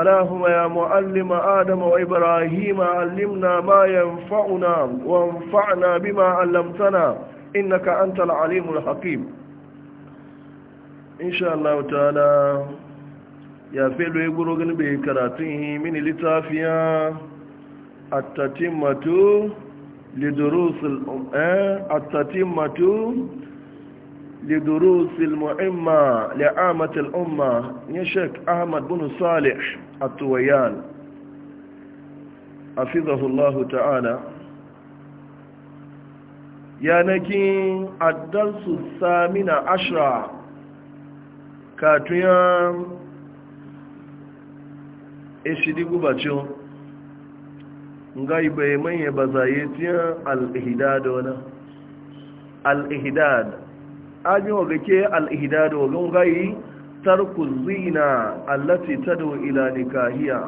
اللهم يا معلم آدم وإبراهيم علمنا ما ينفعنا وانفعنا بما علمتنا إنك أنت العليم الحكيم إن شاء الله تعالى يا فيلو يقولون بكراته من لتافيا التتمة لدروس الأم آه، التتمة لدروس المعمة لعامة الأمة يشك أحمد بن صالح الطويان أفضه الله تعالى يانكي الدرس الثامن عشر كاتويا إشدي قباتيو ngai bai manya ba zaye tiyan al-ihdad wala ajin waga ke da wagan gayi tarku zina allati ta da ila kahiya,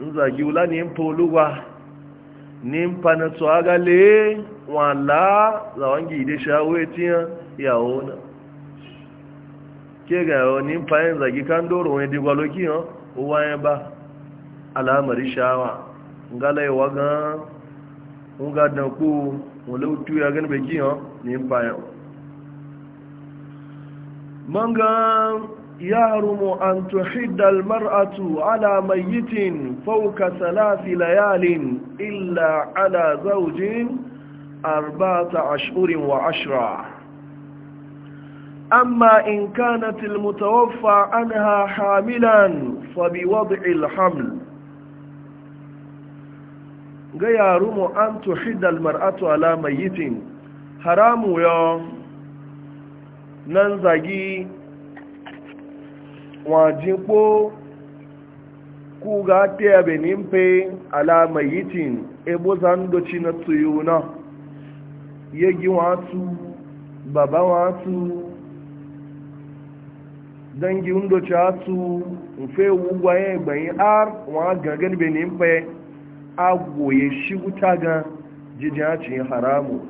in zagi wula ne foluwa ne fana tsawa gale wala zawon gide shawo ya yawo na ke ga yawon ne fayin zagi kan doro wani digwaloki yan uwa yan ba alamari shawa ngala wagan ungadan ku utu ya gani bai kiyan ne fayin man ga yarumu an tuhidda almar'atu ala mayyitin fawqa thalathi layalin illa ala zawjin arba'ata ashhurin wa ashra أما إن كانت المتوفى عنها حاملا فبوضع الحمل غير أن تحد المرأة على ميت حرام يوم nan zagi wajen ko ku ga ta benin fe alama yitin ebo zandoci na tuyuna yegi wasu baba wasu dangi undoci wasu nfe wugwaye gbanyi ar wa gangan benin fe agwoye shi wuta ga jijiyacin haramu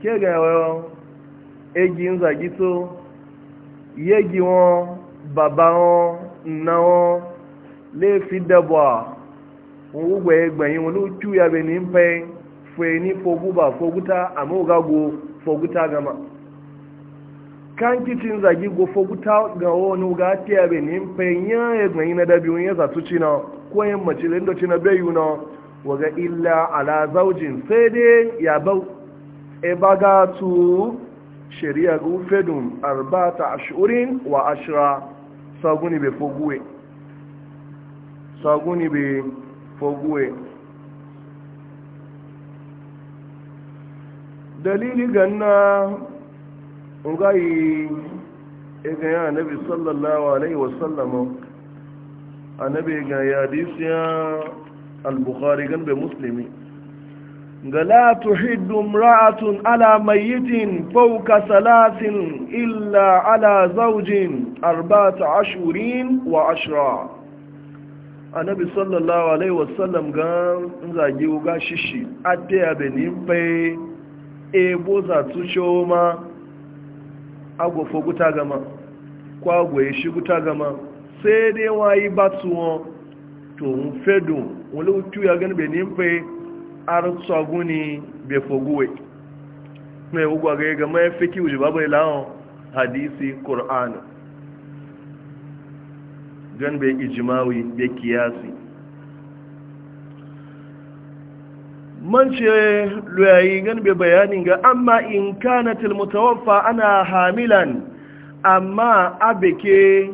ke ga yawon egi nzagi zàgí tó yégi wọn bàbá wọn nna wọn léèfi dẹbọ à wọn wúgbọ ẹgbẹyìn wọn ló tú yàgbẹ ní pẹ fẹ ní fogúbà fogúta àmọ́ ògá go gama kan kici ń zàgí go fogúta ga wọn ní ògá tí yàgbẹ ní pẹ yẹn ẹgbẹyìn na dàbí wọn yẹn zàtúnci náà ko yin mace da na waga illa ala zaujin sai dai ya bau e baga shari'a gufedun arbata ashirin wa ashira saguni bai foguwe saguni bai foguwe dalili ganna ugayi igaya nabi sallallahu alaihi wasallam anabi ga yadisiya al-bukhari gan bai muslimi ga la tuhiddu imra'atun ala mayyitin fawqa salasin illa ala zawjin arba'ata ashurin wa ashra annabi sallallahu alaihi wasallam ga zage uga shishi ataya benin pe ebo za tucho ma agwofo guta gama ko shi guta gama sai dai wayi batuwo to n fedun wani ya gani benin pe arutsa guni be foguwe mai ugwa ga ga mai fiki uji babu ilawon hadisi qur'an gan be ijmawi be kiyasi man ce luyayi gan be bayanin ga amma in kana tilmutawaffa ana hamilan amma abeke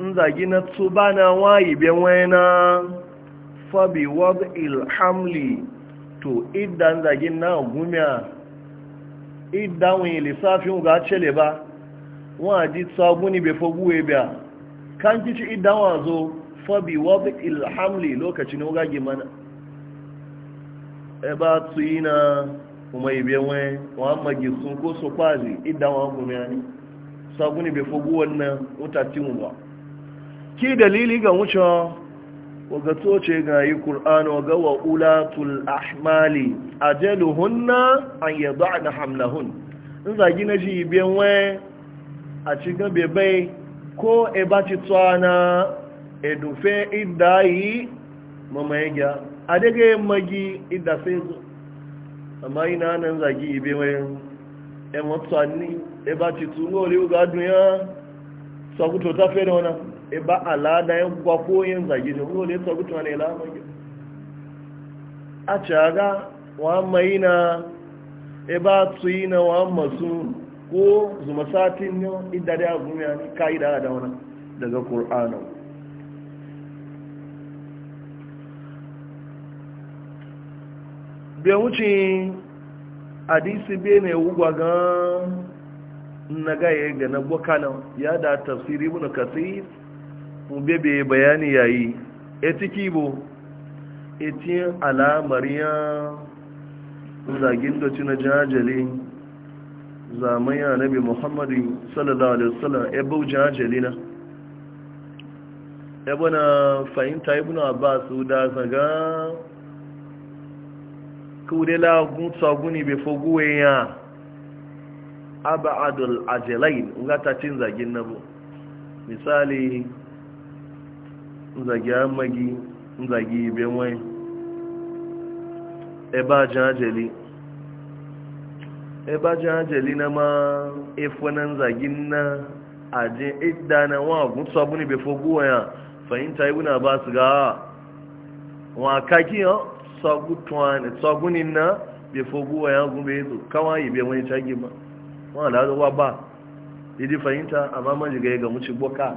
in zagi na tsuba na wayi be wena fabi wad'il hamli to idan zagin na gumiya idan wani lissafin ga cele ba wọn ji sabuni bai faguwe biya kan kici idan wazo fabi wabi ilhamli lokacin ogage mana eba su yi na kuma ibe wọn wọn magi sun ko su kwazi idan wọn gumiya ne sabuni bai faguwan nan wutatin ba ki dalili ga wucewa waga toce ga yi ƙur'an waga wa ulatul ahmali hunna an yadda na hun in zagi na ji biyan waye a cikin bebai ko e ba ci tsana e dufe idda yi mamaye a daga yin magi idda sai zo amma na nan zagi biyan waye e matuwa ni e ba ci tsuno liwu ga duniya sakuto ta fere wana e ba alada ya gwafo yin zage da wani ne sabu tuwa ne lamar a caga wa mai na e ba su yi na wa masu ko zuma satin yau idare a gumiya ne ka yi da da wani daga ƙur'anin biyan wuce hadisi bai ne wugwa gan na gaya ga na gwakanan ya da tafsiri wani kasir bebe bayani yayi etiki bo etin mariya zagin da tuna jajali zamaya nabi muhammadu sallallahu alaihi wasallam e bo jajali na e bo na fahimta ibn abbas da zaga kudela gutsa guni be foguwe ya abadul ajalain ngata tin zagin nabo misali nzagi amagi nzagi ibe nwanyị ebe aja ajeli ebe aja ajeli na ma efu na nzagi na aji idda na nwa agun sabu ni befo guwa ya fahimta ibu na ba su ga wa kaki ya sagu tuwani sagu ni na befo guwa ya gun bai zo kawai ibe wani cagi ma wa da wa ba idi fahimta amma man jiga ya ga muci boka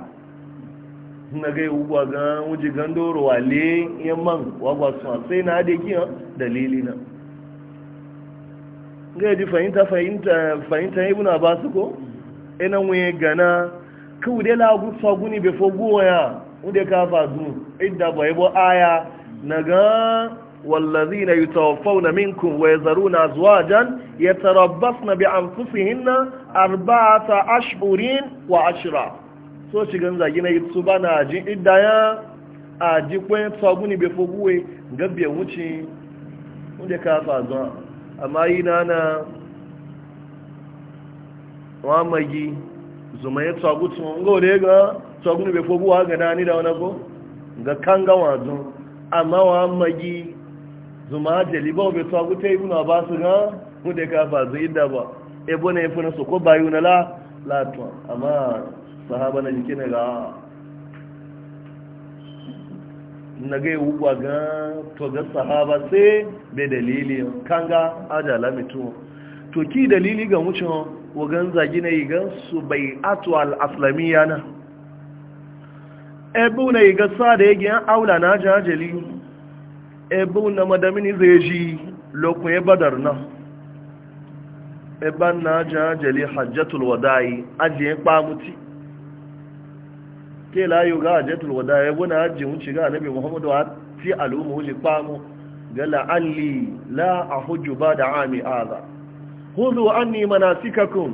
na ga yi yiwuwa ga wuji gando ruwale yamman wagwa su sai na haɗe giya dalili na ga yadda fahimta fahimta fahimta ya buna ba su ko ina nwaye gana ka wude lagu saguni befo guwa ya wude ka fazu idda ba yabo aya na ga wallazi na yi tawafau na minkun waya zaru na zuwa jan ya tarabbas na bi kusurhin na arba ta ashirin wa ashira. so ci gan zagi na su ba na ajin idaya a ji kwen tsaguni bai ga gabbe wuce wanda ka fa zuwa amma yi na na wa magi zuma ya tsagu tun ga wanda ya ga tsaguni bai guwa ga na dani da wani ko ga kan gawa zuwa amma wa magi zuma jaliba bai tsagu ta yi muna ba su ga wanda ka fa zuwa idda ba ebo na ya fi so ko bayu na la latuwa amma sahaba na jiki na ga na ga yiwuwa ga toga sahaba sai bai dalili kanga ajala mitu to ki dalili ga wucin wagan zagi na igan su bai atu al'aslamiya na ebe na igan sa da yagi an aula na jajali ebe na madamini zai ji lokun ya badar na ebe na jajali hajjatul wadayi ajiye kpamuti ke layu ga hajjatul wada ya guna hajji mun shiga annabi muhammadu a fi al'umma wuce kwamu ga la'alli la a hujju ba da ami aza huzu anni manasikakum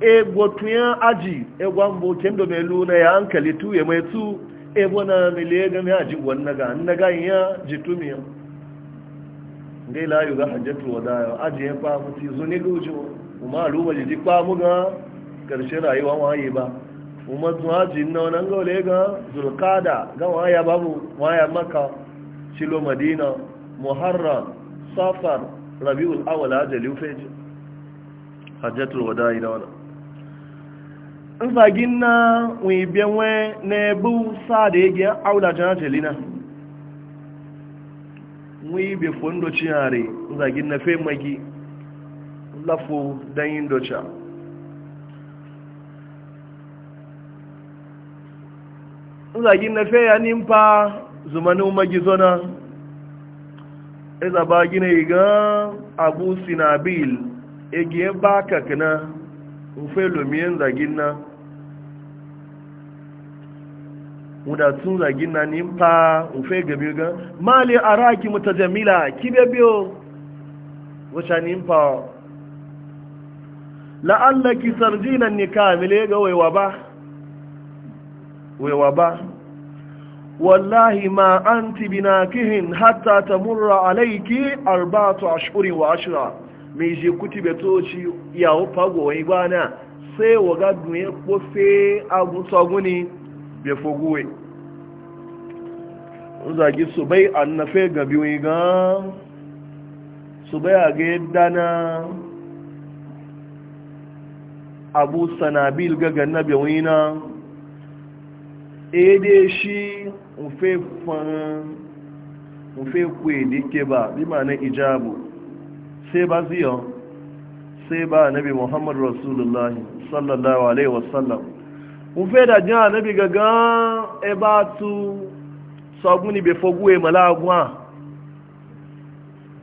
e gotuyan aji e gwambo kendo mai luna ya hankali tuye mai tu e bona mile ga mai aji gwanna ga na ga ya jitumiya ngai layu ga hajjatul wada aji ya kwamu ti zuni gujo kuma al'umma ji kwamu ga karshe rayuwa waye ba umarzu hajji na wani gaule ga zulkada ga waya babu waya maka shilo madina muharram safar rabi'ul awal hajjali ufeji hajjatul wada'i da wani nfagin na na ebu sa da yage aula janajali na nfagin na fe magi lafo yin nzagi na ni nimpa zumani na? eza ba gina iga abu sinabil egiye ba kakana nfe lomiye nzagi na mudatun e zagi na nimpa nfe gabi ga mali araki mutajamila kibe biyo wacce nimpa la'allaki sarjinan nikamile ga waiwa ba wewa ba wallahi ma anti binakihin hatta tamurra alayki arba'atu ashhurin wa ashra me je kutibe toci ya upago wai bana sai waga dunye ko fe agun taguni be foguwe zagi subai annafe gabi wai ga subai a ga yadda na abu sanabil ga ganna bewina ede shi nfe kwe dike ba bi ma'ana ijabu sai ba ziyo sai ba nabi muhammad rasulullahi sallallahu alaihi wasallam nfe da jiya nabi gaga ebatu sabuni be fogwe malagwa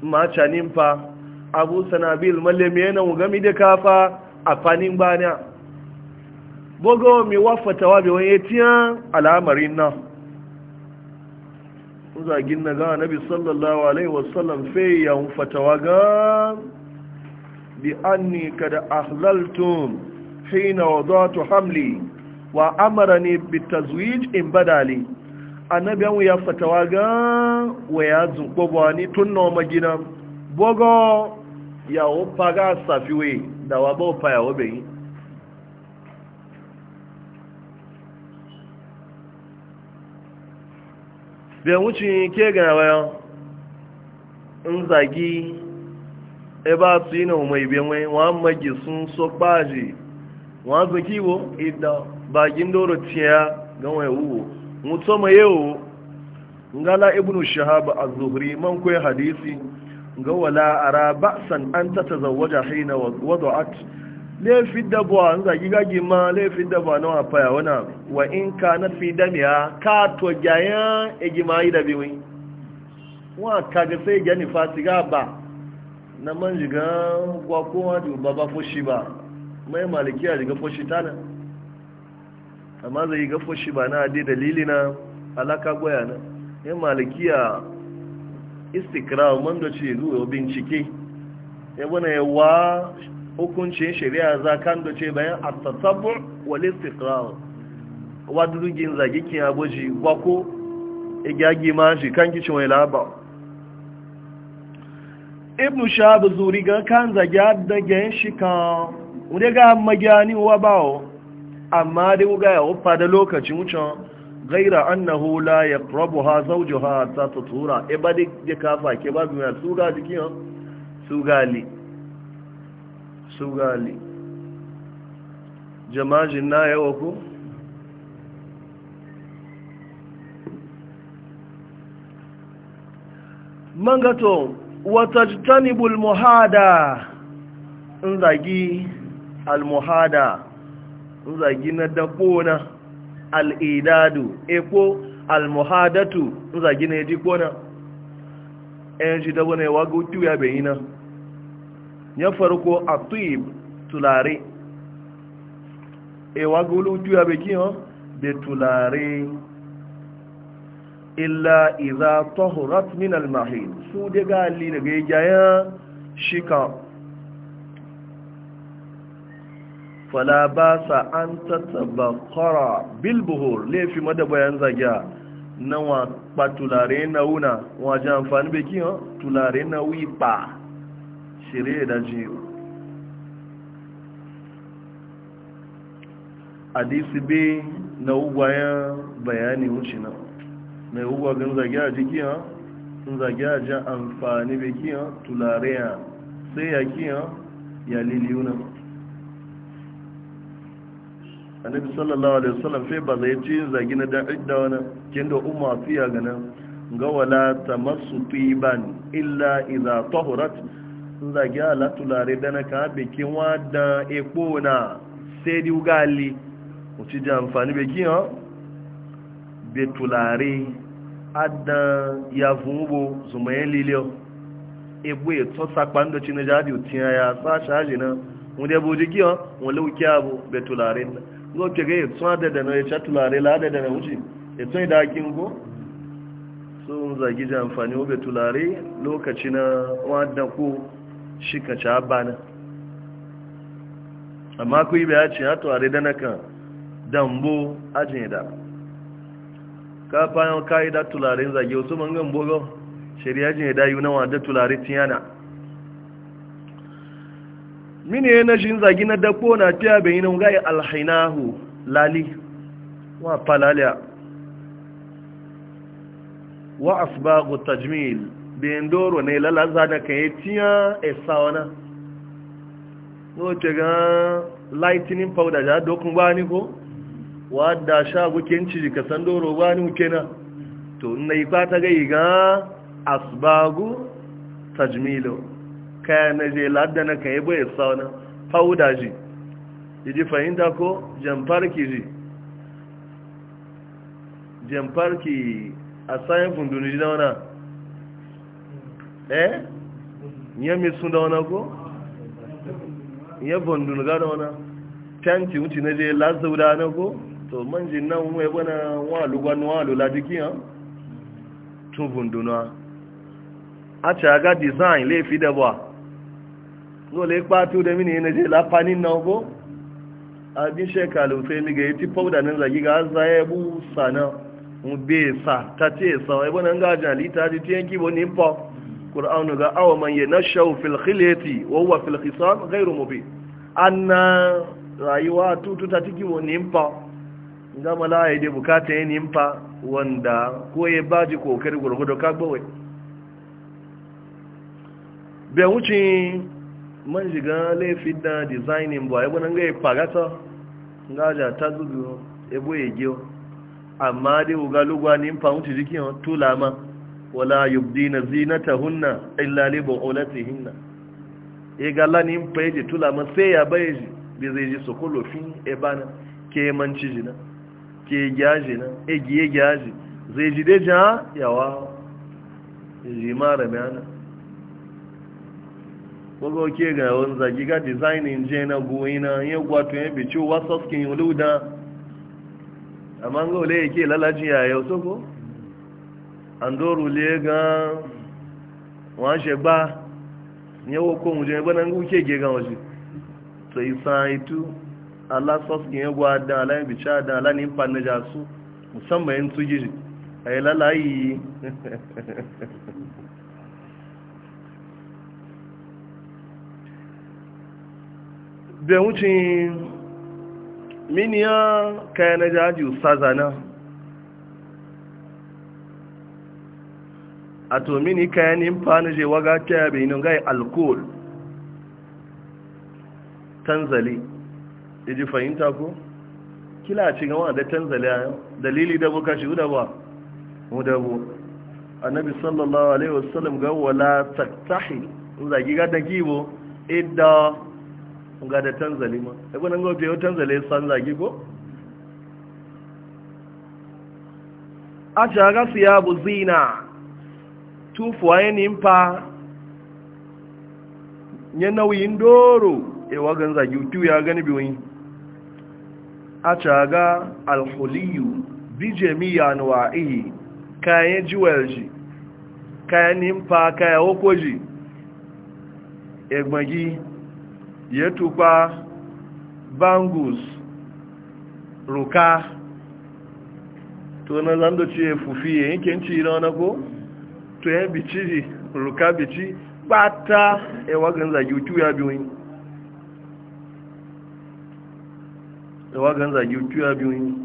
ma canin fa abu sanabil malami yana wugami da kafa a fanin bogo mi wafata wa wani yatiya al'amarin na zagin na ga nabi sallallahu alaihi wasallam ya yawon fatawa ga bi anni kada ahlaltum hina wadatu hamli wa amara bi bitazwij in badali annabi an ya fatawa ga wa ya zubobo ni tunno gina? bogo ya opa ga safiwe da wa bo pa ya yi. bai wuce ke gana bayan in zagi e yi na mai benwe wọn magi sun so kpaji wọn zo kiwo bagin doro tiya ga wani wuwo mutu mai yawo ngala ibnu shahab az-zuhri hadisi ga wala ara ba'san an tatazawwaja hina wada'at laifin dabuwa an zagi gagi ma laifin dabuwa na wafaya wana wa in ka na fi damiya ka to gyayen egima yi da biyu wa ka ga sai gani ga ba na man jiga gwa kowa ji ba ba fushi ba mai malikiya jiga foshi ta nan amma zai yi ga foshi ba na adi dalili na alaka goya na ya malikiya istikra man da ce zuwa bincike ya ya wa. hukuncin shari'a za kan bayan a tasabbu wal istiqrar wadurugin zagi kin aboji gwako igagi e ma shi kan kicin wai laba ibn shahab zuri ga kan zagi da yin shi kan ga magani wa bawo amma dai wuga ya wufa da lokacin wucin gaira annahu la zaujo ha ta tutura ibadi e da kafa ke ba su suga jikin sugali su gali jama'ajin na yawa ku mangato wata jitanibul muhada in zagi almuhada in zagi na dakona al'idadu eko almuhadatu in zagi na ya jikona ɗayan shi dabo na yawa ga ya bayina E, ya farko a tuyib tulare ewa gulu tuya beki yau da tulare illa iza tohurat min almahid su da gali daga yaya shika fala ba sa an bil bilbuhur laifi madabayan bayan zagiya na wa ba tulare na wuna wajen amfani beki tulare na wipa cire da jiyo hadisi be na ya bayani wuce na mai ga zage a jikiya zage a ji amfani bai kiya tulare sai ya kiya ya liliyuna annabi sallallahu alaihi wasallam sai ba zai ci zagi na da wani kin da umma fiya ta ga wala tamassu tiban illa idza tahurat zagi ala tulare dana ka bikin wadan epo na sai di ugali uci ji amfani bikin ha betulare tulare adan ya funbo zumaye liliyo egbo eto sapa ndo chine jadi utiya ya sa shaji na wunde bo jiki ha wole uki abu be betulare na ngo kege eto adada na echa tulare la adada na uci eto idakin go sun zagi ji amfani obe tulare lokaci na wadda ko shi ka ci abana amma ku yi biya ce ya tuware dana nakan dambo ajin da ka fayon da tularin zage wasu mangan bogon shari'a jin da yi na wadda tulare tiyana mini yana shi zage na dako na fiya bayi na wuga alhainahu lali wa falaliya wa asbagu tajmil bayan doro ne lalaza da kan yi tiya esa wana noce ga lightning powder da dokun gwani ko wadda sha gukin ciji ka san doro gbani kenan to na yi fata gai ga asbagu tajmilo kaya na je ladda na kan yi bai esa wana powder ji iji fahimta ko jamfarki ji jamfarki a sayan funduni na wana eh nye mi sun da wani ko nye bondun ga da wani tanti wuce na je da wani ko to manji nan mai na walu gwanu walu la tun bonduna a ce aga design le fi da ba no le kpatu da mini na je na ko abin shekalu sai mi ga yi powder nan zagi ga zaya bu sana mu be sa ta ce sa ga jali ta ji ni pop Kur'anu ga awa man yi na shaufil khileti wawa filkisan gairu mubi an na rayuwa tututa cikin wa nimfa ga malaya da bukata ya nimfa wanda ko ya baji kokari gurgudu kagbawai bai wuce man shiga laifin da designing ba ya gwanan ga ya fagata ngaja ta zubi ebo ya giyo amma dai wuga lugwa nimfa wuce jikin tula ma wala yubdina zinatahunna illa li bu'ulatihinna e galla ni peje tula ma sai ya baye bi zai ji sokolo fin e bana ke manci jina ke gyaji na e giye gyaji zai ji de ja yawa ji mara bayana kogo ke ga won zagi ga design inje na goyina ye gwato ye bichu wasoskin yuluda amma ngole ke lalaji ya yau soko andoru le gan wọn ṣe gbá ní ẹwọ́ kó oúnjẹ ẹgbẹ́ náà ń gún kéèké gan ọjọ́ tó ìsan ìtú alásọ́sìkì yẹn adán aláìbìṣẹ́ adán alánípa nẹjà sú musamman tó yìí ẹ̀yẹ láláyì bẹ̀rún cin miniyan kayan nẹjà ájì sáza náà a to mini kayan infani je waga ta yabe inu gai alkohol tanzali iji fahimta ko kila ci gama da tanzali a yau dalili da buka shi udawa mu da annabi sallallahu alaihi wasallam ga wala taktahi in zagi ga da gibo idda ga da tanzali ma ebe nan gobe yau tanzali san zagi go a ci ga siya bu zina Tufu ya nimfa ya nauyin doro ewa ganza zagi ya gani biyoyi a caga alhuliyu bi jami'a wa ihi kayan jiwelji kayan nimfa kayan okoji egbagi ya tukpa bangus ruka to na zando ce fufi yankin ci na wani ko? to ya bici ji ruka bici bata ewa zagi yutu ya biyoyin ewa zagi yutu ya biyoyin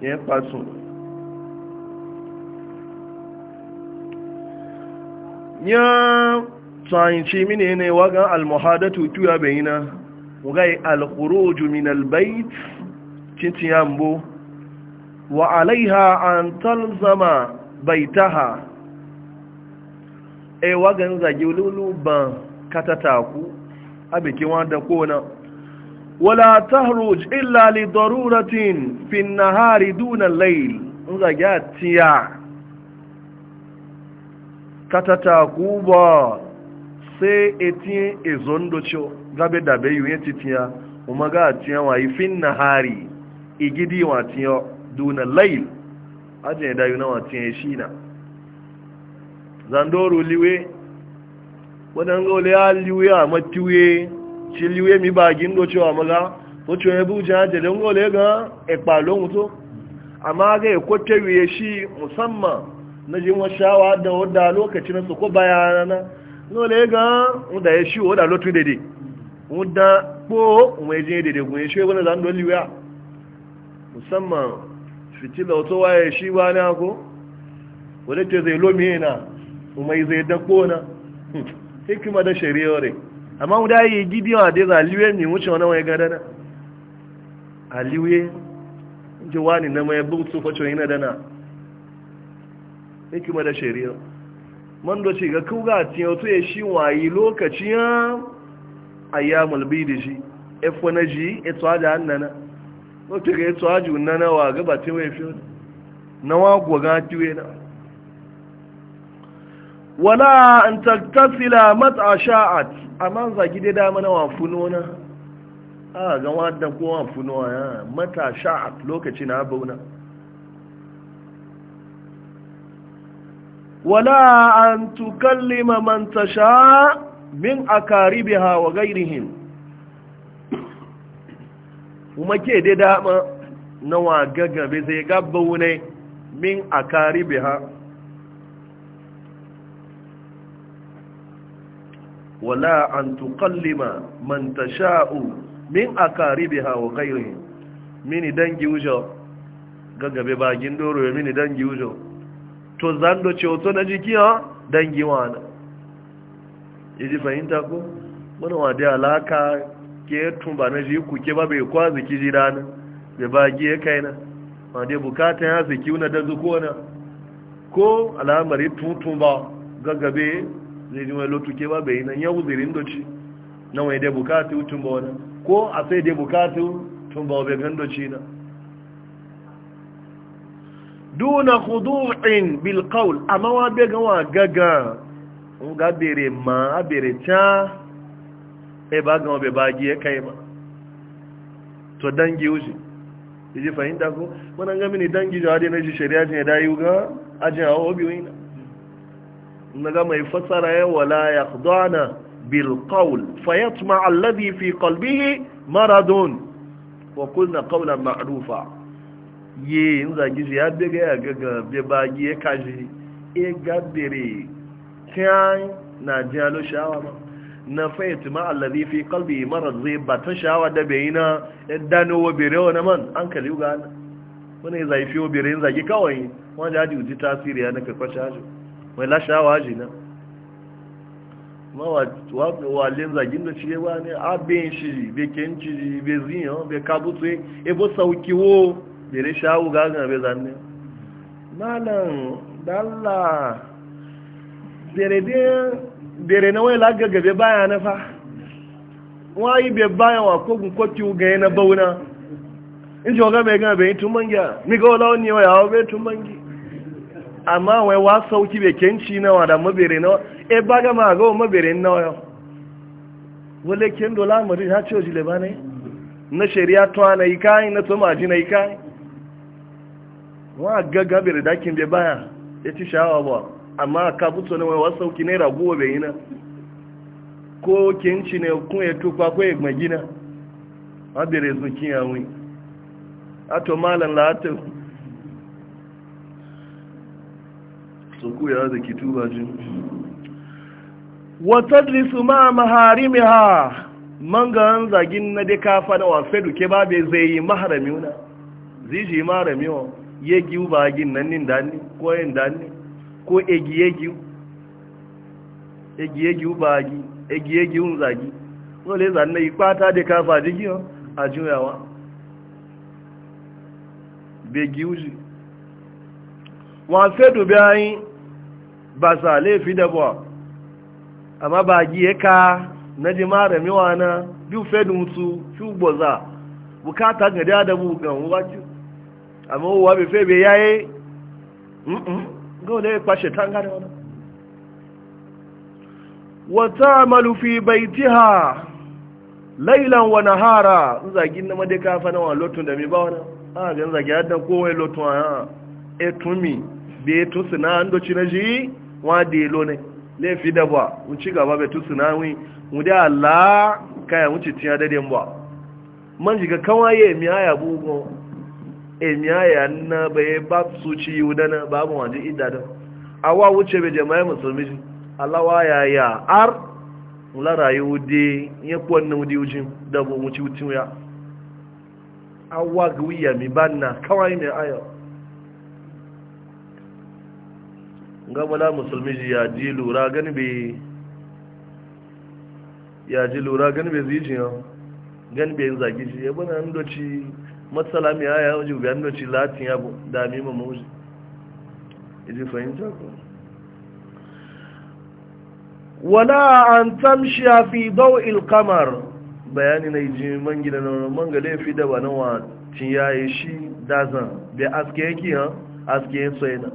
ya fasu ya tsanci mini ne wagan almuhadatu tuya bayina wagai alkhuruju min albayt cincin yambo wa alaiha an talzama baitaha e wagan zagi ululu ban katataku a bikin wanda kona wala tahruj illa li daruratin fi nahari duna layl zagi atiya katataku ba sai etin ezondocho gabe dabe yuyen titiya kuma ga atiya wa ifin nahari igidi wa atiya duna lail ajin da yuna wa atiya shina zandoro liwe wadanda ole ya liwe a matiwe ci liwe mi ba gindo cewa maga wacce ya buja ya jade ole ga ekpa lohun to amma ga ya e kwatewe shi musamman na nwa shawa da wadda lokacin su ko bayana ole ga wadda ya shi wadda lotu dede wadda ko mai jin dede gun shi wadda zandoro liwe musamman fitila wato waye shi wani na wadda ke zai lomi na. umai zai dako na hmm, hikima da shari'a re amma mu da yi gidiyon da za aliwe ne wuce wani wani gada na aliwe ji wani na mai butu facho yana dana hikima da shari'a man da ce ga kuga tiyo otu ya shi wayi lokaci ya ayyamul da shi efo na ji eto da annana wato ga eto aju nana wa gaba tiwe fi na wa gwa ga tiwe na wala an takasila mat'a sha'at za zagi dai dama na wafuno na a ga wadda ko wafuno ya mata sha'at lokaci na bauna wala an tukallima man tasha min akaribiha wa ghairihim kuma ke dai dama na wa gaggabe sai gabbaune min akaribiha wala an tuqallima man tasha'u min akaribiha wa ghayrihim mini dangi wujo gagabe bagin doro ya mini dangi wujo to zando ce wato na jiki ha dangi wana yaji fahimta ko muna wa da alaka ke tumba na ji ku ke ba bai kwazi ki jirana bai bagi ya kaina ma dai bukata ya zaki una da zuko na ko al'amari tutumba ba gagabe zai ji mai lotuke ba bai nan yau zirin doci na wani dai bukatu tun ba wani ko a sai dai bukatu tun ba bai gan doci na duna khudu'in bil qawl a wa be wa gaga o ga bere ma a bere cha e ba gan bai ba giye kai ma to dangi uji iji fahimta ko wani gami ne dangi da hade na ji shari'a ne da yuga ajin ajiyawa obi ina naga mai fasara ya wala yakhdana bil qawl fayatma alladhi fi qalbihi maradun wa qulna qawlan ma'rufa ye in zagi ya bega ya gaga be bagi ya kaji e gabbere kai na jalo ba. na fayatma alladhi fi qalbihi marad zai batan shawa da na dano wa bere na man an kali wani zai fi obere in zagi kawai wanda ya ji tasiri ya naka kwashe wai lashawa ji nan ma wa le zagin da ciye wa ne abin shi be kenci be ziyan be kabutse ebo saukiwo bere shawu gagan be e zanne malam dalla bere de bere na wai laga gabe baya na fa wayi be baya wa ko gun kwati ga na bauna in ji oga be ga be tumangiya ni ga wala ni wa ya be tumangi amma wai wa sauki be kenci nawa da mabere nawa e baga ma ga mabere nawa yo wale ken dola mari ha ce jile bane na shari'a to ana ikai na to maji na ikai wa gaga bere da kin be baya ya ci shawa ba amma ka buto ne wai wa sauki ne raguwa be yina ko kenci ne kun ya tukwa ko ya magina abere zukiya wi ato malan latin ku ya zaki tuba jin wa tadrisu ma manga an zagin na dai kafa da wafe duke ba be zai yi maharami na? ziji maharami wa ya giyu ba gin nan nin dani ko yin dani ko egiye ye Egiye egi ba gi egi ye zagi zagi le zan na ipata de kafa digi a juyawa be giyu ji wa fedu du bi ayin ba sa laifi da ba amma ba giye ka na ji mara miwa na biyu fedin mutu fi gboza bukata ga da da bugan wace amma uwa bai febe yayi ga wanda ya kwashe tanga da wani wata malufi bai ha lailan wa nahara zagin na madaka fa na wa lotun da mi ba wani a ga zagi hadda kowai lotun a etumi bai to sina ando cinaji wa da ilo ne laifi da ba mun ci gaba bai tusu na wi mu da Allah kaya mun ci tiya dade ba man jiga kawaye mi aya bugo e na bai ba ci yudana ba mu waje idada awa wuce bai jama'a musulmi Allah wa ya ya ar mula rayu de ya kwanna wudi ujin da bo mu ci utin ya awa gwiya mi mi wala musulmi ji ya ji lura gani bai ya ji lura gani bai ziji yau gani bai zagi shi ya bana ndoci matsala mai haya wajen ubiya ndoci latin ya dami ma mawuzi iji e fahimta ko wala an tamshi a fi dau ilkamar bayani na iji man gida na man gale fi da na wa cin yayi e shi dazan bai aske yake ha aske yin tsoye na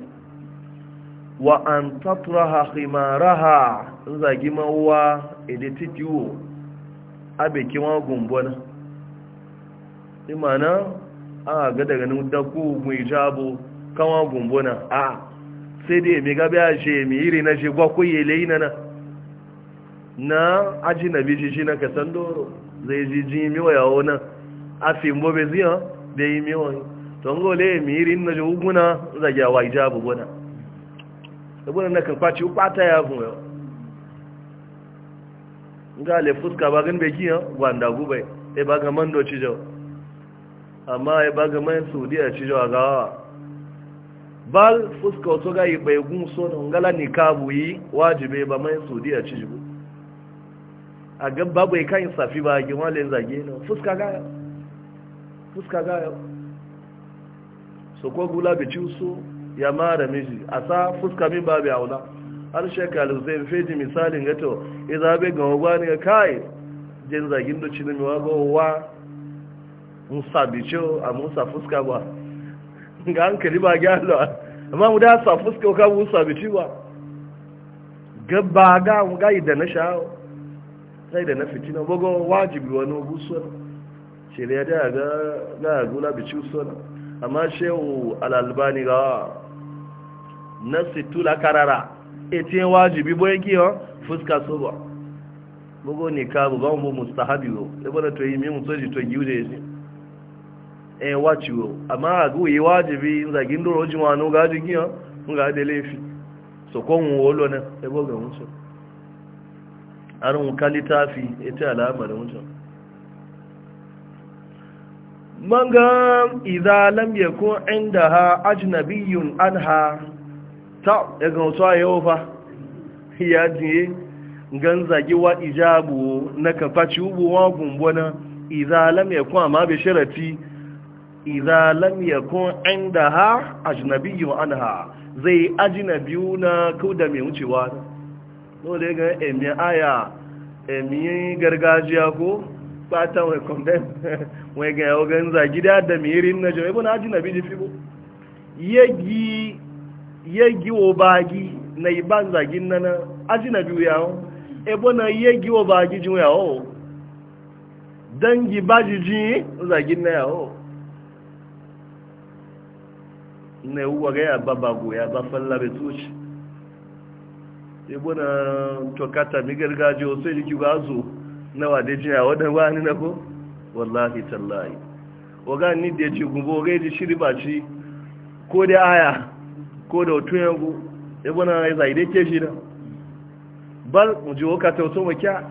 wa an tatraha khimaraha zagi mawa ede a abe kiwa gumbona imana a ga daga nan da ku mu ijabo kawa na. a sai dai mi ga biya she mi iri na she gwa kuye leina na na aji na biji shi na kasan doro zai ji ji mi yawo na a fi mbo be ziya da yi mi yi to ngole mi iri na je uguna zagi wa ijabu bona saboda na kan kwaci kwata ya fi yau ga le fuska ba gan beki yau gwanda gubai e ba ga mando ci jau amma e ba ga man saudiya ci jau a gawa ba fuska wato ga yi bai gun so na ngala ni kabu yi wajibe ba man saudiya ci jau a ga babu kan safi ba gi wale zage na fuska ga fuska ga so ko gula bai ci so ya mara miji a sa fuska min babu aula har shekaru zai feji misalin gato idan bai ga wagwa ne ga kai jin zagin da cinin miwa ga wa musa bicho a musa fuska ba ga hankali ba gyalo amma mu da sa fuska ka musa bici ba gaba ga mu ga idan na sha'awa sai da na fitina bugo wajibi wani gusuwar shirya da ga gula bici suna amma shehu al'albani gawa na situla karara Etinye wajibi boye kiyo fuska sobo bugo ni kabu ba mu mustahabi na e bona to yi mi mu soji to giude ni e wachi wo amma agu yi wajibi za gindoro jima no ga ji kiyo nga de lefi so ko mu wo lo na e bo ga mu so arun kalita fi ita alama da mutum manga idza lam yakun indaha ajnabiyyun anha ta ya ga wasu a yau fa ya jiye gan zagi wa ijabu na kafaci ubuwa gumbona izalam ya kuma ma bi sharati izalam ya kuma inda ha ajnabiyu an ha zai ajinabiyu na kauda mai wucewa no da ga emi aya emi gargajiya ko fata wai kondem wai ga yau gan zagi da da mirin na jami'a na ajinabi jifi bu yagi. yegi wo baagi na iban zagin nana biyu yawo ebo na yegi wo baagi jin yawo dangi baji jin zagin na yawo na yawuwa ga ya baba ya ba falla be tuci ebo na tokata mi o sai ji ki zo na wade jin yawo dan wani na ko wallahi tallahi waga ni da ya ce gumbo ga ji shiri ba ci ko da aya ko da otu yanku ebe na ya dai ke shi da bal mu ji woka ta otu makiya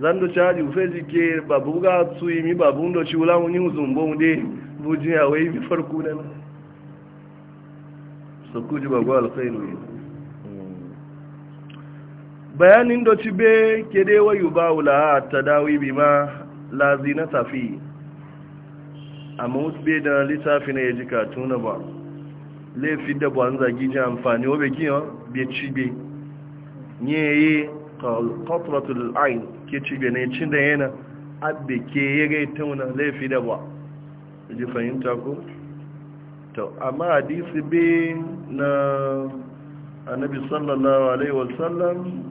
zan do caji ufe jike babu ga su yi mi babu ndo shi wula wani zumbo mu dai bujin ya wai mi farko da na su ji babu alkhairu bayanin do ci be ke dai wayu ba wula ta dawi bi ma lazi na tafi amma wasu bai da littafi na ya ji katuna ba laifin da ba zagi ji amfani wabe giyan bai cibe ne yi kotratul ain ke cibe ne cin da yana abbe ke ya gaita wuna laifin da ba ji fahimta ko to amma hadisi be na anabi sallallahu alaihi wa sallam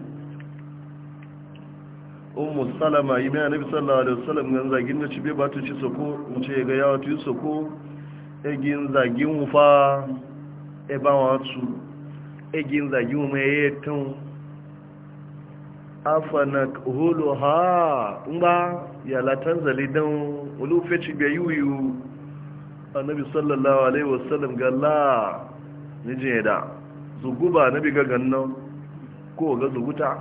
ummu salama yi mai anabi sallallahu alaihi wasallam gan zagin na cibe ba ta ci soko mu ce ga yawa tu soko egin zagin wufa ẹba wọn tu egin zagi mu ya tun afanak holo ha ngba yala tanzali don olufe ci ga yiwu annabi sallallahu alaihi wasallam ga la nije da zugu ba nabi ga gannan ko ga zuguta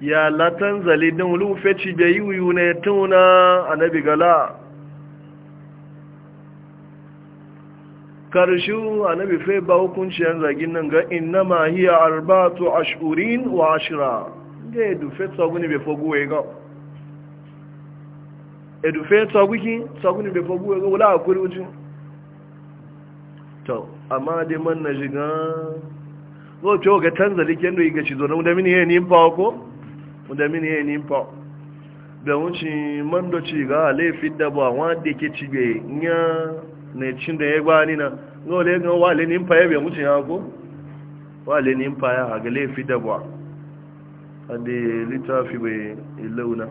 yala tanzali don olufe ci ga na ne na annabi ga la karshe annabi fai ba yan zagin nan ga inna ma hiya arbatu ashurin wa ashira ga edufe tsaguni bai fagu ya ga edufe tsaguki tsaguni bai fagu ya ga wula a kurujin to amma dai man na shiga zo ce ga tanzali kendo yi gaci zo na wunda mini yi nimfa ko wunda mini yi nimfa da wuce man da ci ga laifin da ba wanda ke ci bai nya ne cin da ya gwani na no le ga wa le ni mpaya be mutu ya ko wa le ni mpaya ya ga le fi da ba ande litafi be ilauna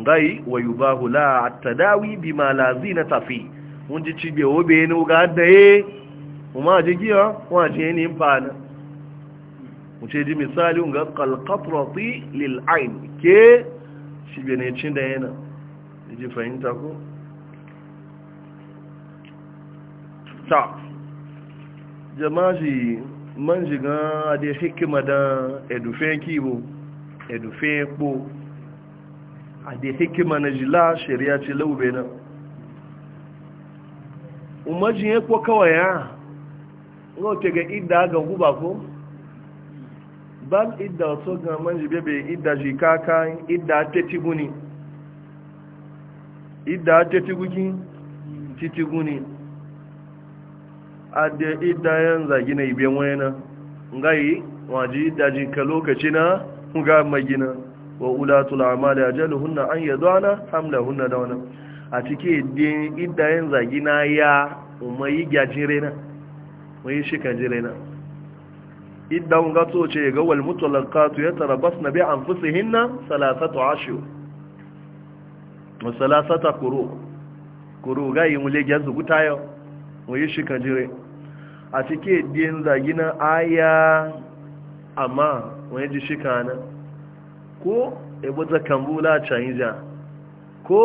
ngai wa yubahu la at-tadawi bima la zinata fi unji cibe obe ni ga da e kuma ji giya wa ji e ni mpana mutu ji misali unga qalqatrati lil ain ke cibe ne cin da yana ji fahimta ko ta jamaji man jiga da hikima da edufe kibo edufe kpo a da hikima na jila shari'a ce laube na umarjin ya kwa kawai ya rote ga idda ga guba ko ban idda so ga manji bebe idda jikaka idda tetiguni idda tetiguni guni. adda idda yan zagi na ibe wayana ngai waji daji ka lokaci na ga magina wa ulatul amali ajaluhunna an yadana hamlahunna dawana a cike din idda yan zagi na ya umayi gajire na mai shi ka jire na idda un gato ce ga wal mutallaqatu yatarabasna bi anfusihinna salasatu ashur wa salasatu quru quru ga yi mule gazu gutayo mai shi ka jire a cike diyan zagina aya amma wani ji shi kana ko ebo zakambula canja ko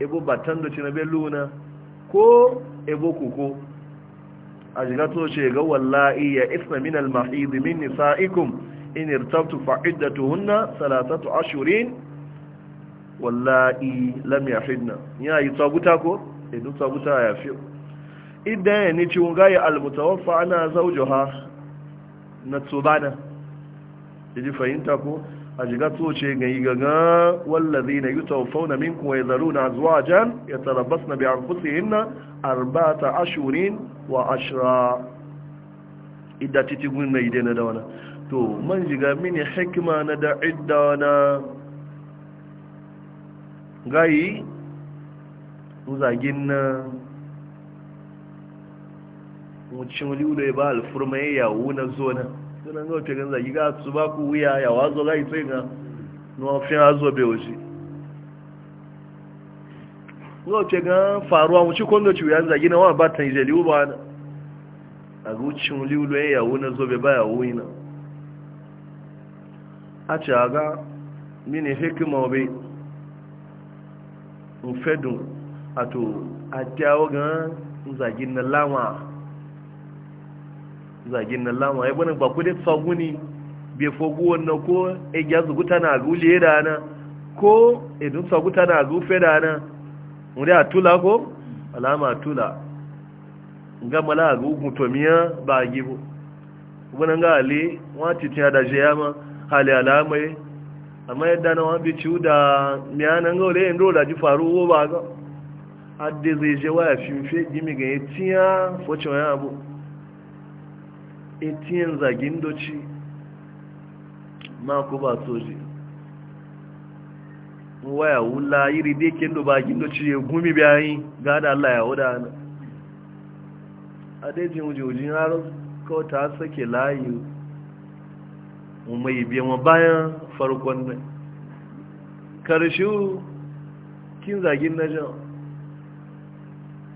ebo batan da cinabe luna ko ebo kuko a jiga to ce ga wallahi ya isna min al-mahid min nisa'ikum in irtabtu fa iddatuhunna salasatu ashurin wallahi lam yahidna ya yi tsaguta ko idan tsaguta ya fi idan ya ni ciwon gaya Wafa ana zaujo ha na tsubana ya ji fahimta ko a jiga ce, ga yi gaga wallazi na yi na min kuwa ya zaru na zuwa jan ya tarabbas na biyan yin na arbata ashurin wa ashira idda titi gun na idai na da wani to man jiga mini hikima na da idda wani gayi zagin na mucin liulo ya ba alfurma ya yawo na zona suna ga wata ganza yi su ba ku wuya ya wazo ga ita ga nufin azo bai waje ga wata ga faruwa mucin kwando ci wuyan zagi na wa ba ta ije liu ba na a ga mucin liulo ya yawo na zobe ba yawo yi na a ce a ga mini hikima obi nfedun ato a tiyawo ga zagi na lama zagin nan lama ya bane ba ku dai saguni bai fogu wannan ko e ya zugu tana gule da na ko e dun na tana fe da na mu dai atula ko alama tula nga mala gu mutumiya ba gibo bana nga ali wa titin da ma hali alama amma yadda na wani ciwu da miyanan wuri yanzu da ji faru ba ga adda zai je waya fi fi gimi ga ya tiya focin wani abu etiyen zagin doci ma ku ba soji waya wula iri dai kendo ba gindoci ya gumi bayan gada Allah ya wuda na a daijin wujewujin har kawai ta sake layi mai biyan bayan farkon ne. karshe kin zagin na jan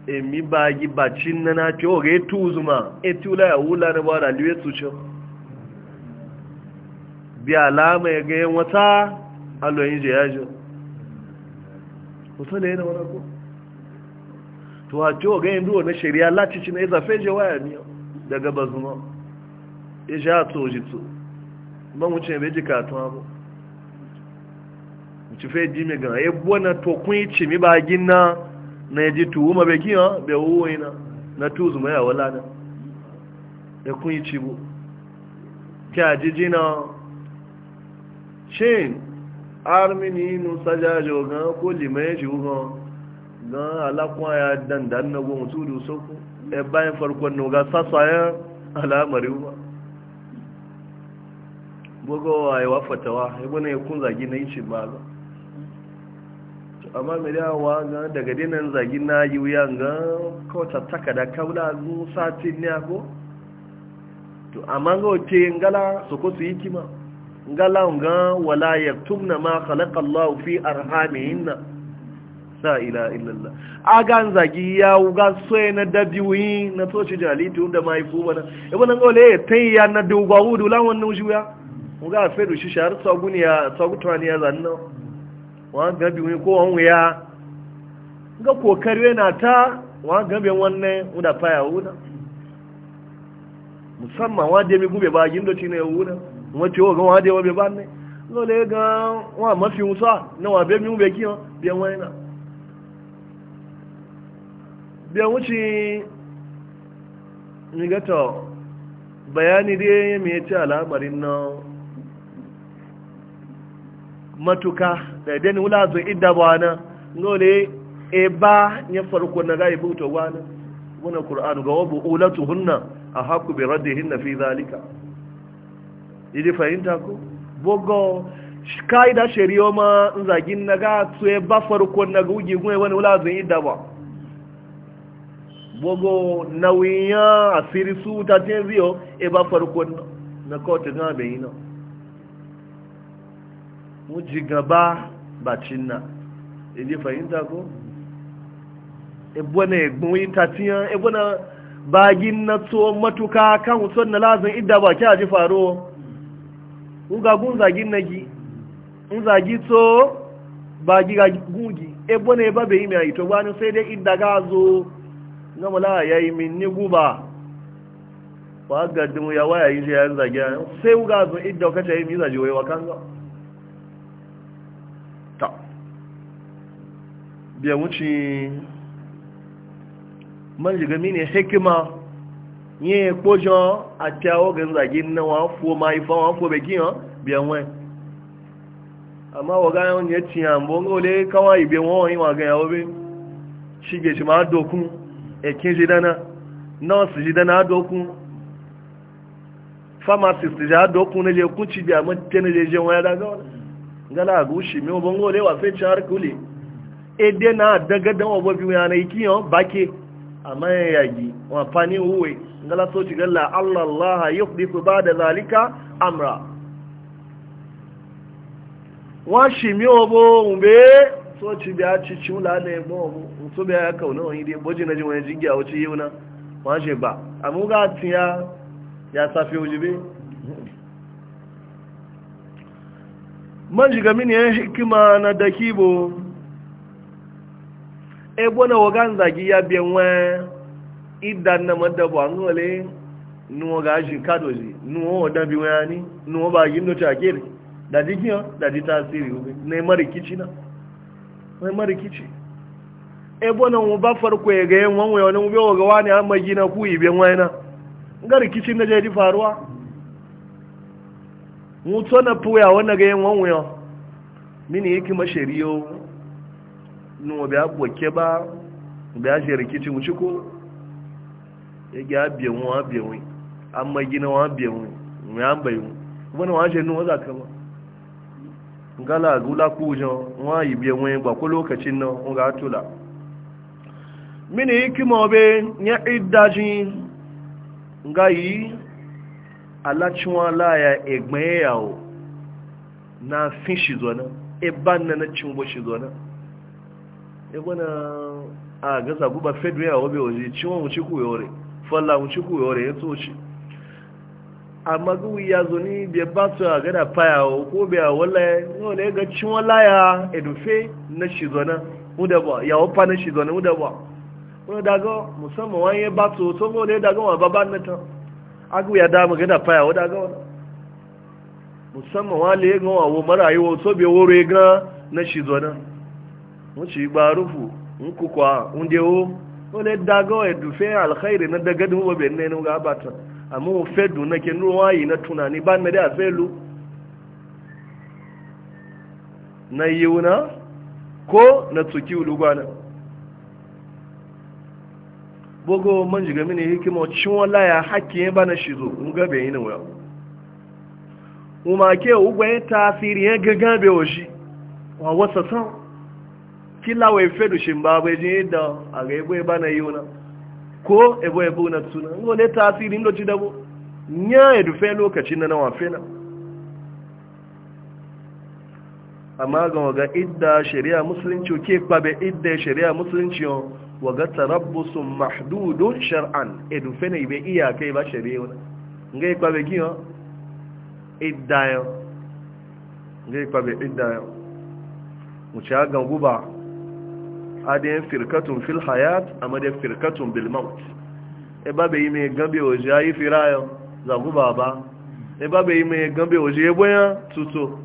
emi gi bacin na na ce oge tu zuma etula ya wula na ba da liwe tuce bi alama ya ga yan wata aloyin je ya jo kusa da yana wani ko to a ce oge yin duwa na shari'a latici na ya zafe je waya miya daga ba bazuma ya sha to ji to man wuce bai ji katon abu mutu fai ji mai gana ya buwa na to kun yi ce mi bagin na na ji tuwu ma bai kiyo bai wuwa ina na tuzu mai ya na da kun yi cibo kya jiji na shin armini nusa jajo gan ko liman shi gan gan alakwa ya dandan na goma su da soko ya e bayan farkon noga sasayen al'amari ba bugowa ya wafatawa ya e gwana ya kun zagi na yi shi ba amma mai dawa ga daga dinan zagi na yi wuyan ga kawata takada kaula zu satin ne ko to amma ga wace ngala su ko su yi kima ngala ga wala ya tumna ma khalaqa Allah fi arhamihinna la ilaha illallah agan zagi ya uga soye na dabiwi na toci jalitu da mai fuba e na ibn ngole yi ya na dugwa wudu lawan nujuya uga fedu shi shar saguniya sagutaniya zanna wa gabi wani ko wani wuya ga na yana ta wa gabi wanne wuda faya wuda musamman wa demi gube ba na ci ne wuda wace wa ga wa dewa be ba ne lole ga wa mafi a na wa be mi gube kiyo biyan na biyan wuce ni gata bayani dai me ala ce al'amarin matuka da idan wula zo idda bwana ngole e ba ya farko na ga ibu to wana wannan qur'an ga wabu ulatuhunna ahaku bi raddihinna fi zalika idi fahimta ko bogo kaida shari'o ma zagin na ga to e ba farko na ga ugi gwe wani wula zo idda ba bogo nawiya asiri su ta tenziyo e ba farko na kotu na bayina ji gaba bacin na idi fahimta ko ebwana egbun itatiyan ebwana bagin na to matuka kan wuton na lazin idda ba kya ji faro ugagun zagin nagi in zagi tso bagi ga gugi ebwana ba bai mai to wani sai dai idda ga zo na mala yayi min ni guba ba gaddin ya waya yi sai yan zagi sai uga zo idda kace yi mi zaji wai wa kan biya wuce man jiga mini hikima yi kojo a kyawo ga zage na wa fo ma ifa wa fo begin ya biya wen amma wa wani ya yeti yan bo ngole kawa ibe won yi wa ga yawo be shige shi ma dokun ekin ji dana nurse ji dana dokun pharmacist ji dokun ne le kun ci biya mun tene je ya daga da ga ngala gushi mi bongo le wa fe char kuli ede na daga dan wabo bi yana iki yo bake amma yayi wa fani uwe ngala so ci galla Allah Allah yuhdithu da zalika amra wa shimi obo umbe so ci a ci ci ula ne mo obo so bi aka ona yin de boji a wuci yuna wa she ba amuga tiya ya safi ujibe man shiga mini hikima na dakibo ebo na wagan zagi ya biyan wa idan na madabo an wale nuwa ga shi kadoji nuwa wada bi wani nuwa ba yin no take da dikiyo da di tasiri na mari na ne mari kici ebo na mu farko ya ga yan wanwe wani mu biyo ga wani an na ku ibe wani na ga rikicin na je di faruwa mu tsona puya wannan ga yan ya mini hikima nuwa biya boke ba biya je rikici wuce ko ya gi abie wọn wa abie wọn amma gina wa abie wọn wọn ya bai wọn wani wa je nuwa za ka ba gala gula kujan wa yi biye wọn ba ko lokacin nan wọn mini hikima obe ya idajin nga yi alachiwala ya egbe yawo na fin shi zo na ebe na na cin bo shi zo ebona a gaza guba fedwe a wabe waje ciwon wuce ku yore falla wuce ku ore ya toci amma gu ya zo ni be ba su a gada faya ko be a walla no ne ga ciwon laya edufe na shizona uda ba ya opa na shizona uda ba wani daga musamman wani ya ba su to ne daga wa baban na ta agu ya dama gada faya wa daga wani musamman wani ya ga wa mara yi wa so be wore ga na shizona wuce ba rufu in kukwa inda yawo wani dagawa ya dufe alkhairi na daga da mababe ne ga abata amma mu fedu na ke yi na tunani ba na da felu na yiwuna ko na tsuki ulugwana bogo man mini hikima cin wala ba na shizo in ga bai yin wuya kila wai fedu shin ba bai jin yadda a ebo na yiwu ko ebo ebu na tuna ngo ne tasiri ndo ci dabo nya edu fe lokaci na nawa fe na amma ga waga idda shari'a musulunci ke kwabe idda shari'a musulunci waga tarabbusun mahdudun shar'an edu fe ne bai iya kai ba shari'a ngai kwabe giyo idda yo nga kwabe idda yo mu ci hagan guba adin firkatun fil hayat amma da firkatun bil maut e ba bai mai gambe waje ayi firayo zagu baba e ba bai mai gambe waje boya tuto